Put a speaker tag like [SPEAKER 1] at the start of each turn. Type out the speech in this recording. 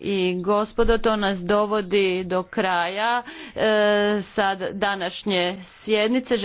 [SPEAKER 1] i gospodo, to nas dovodi do kraja e, sad današnje sjednice.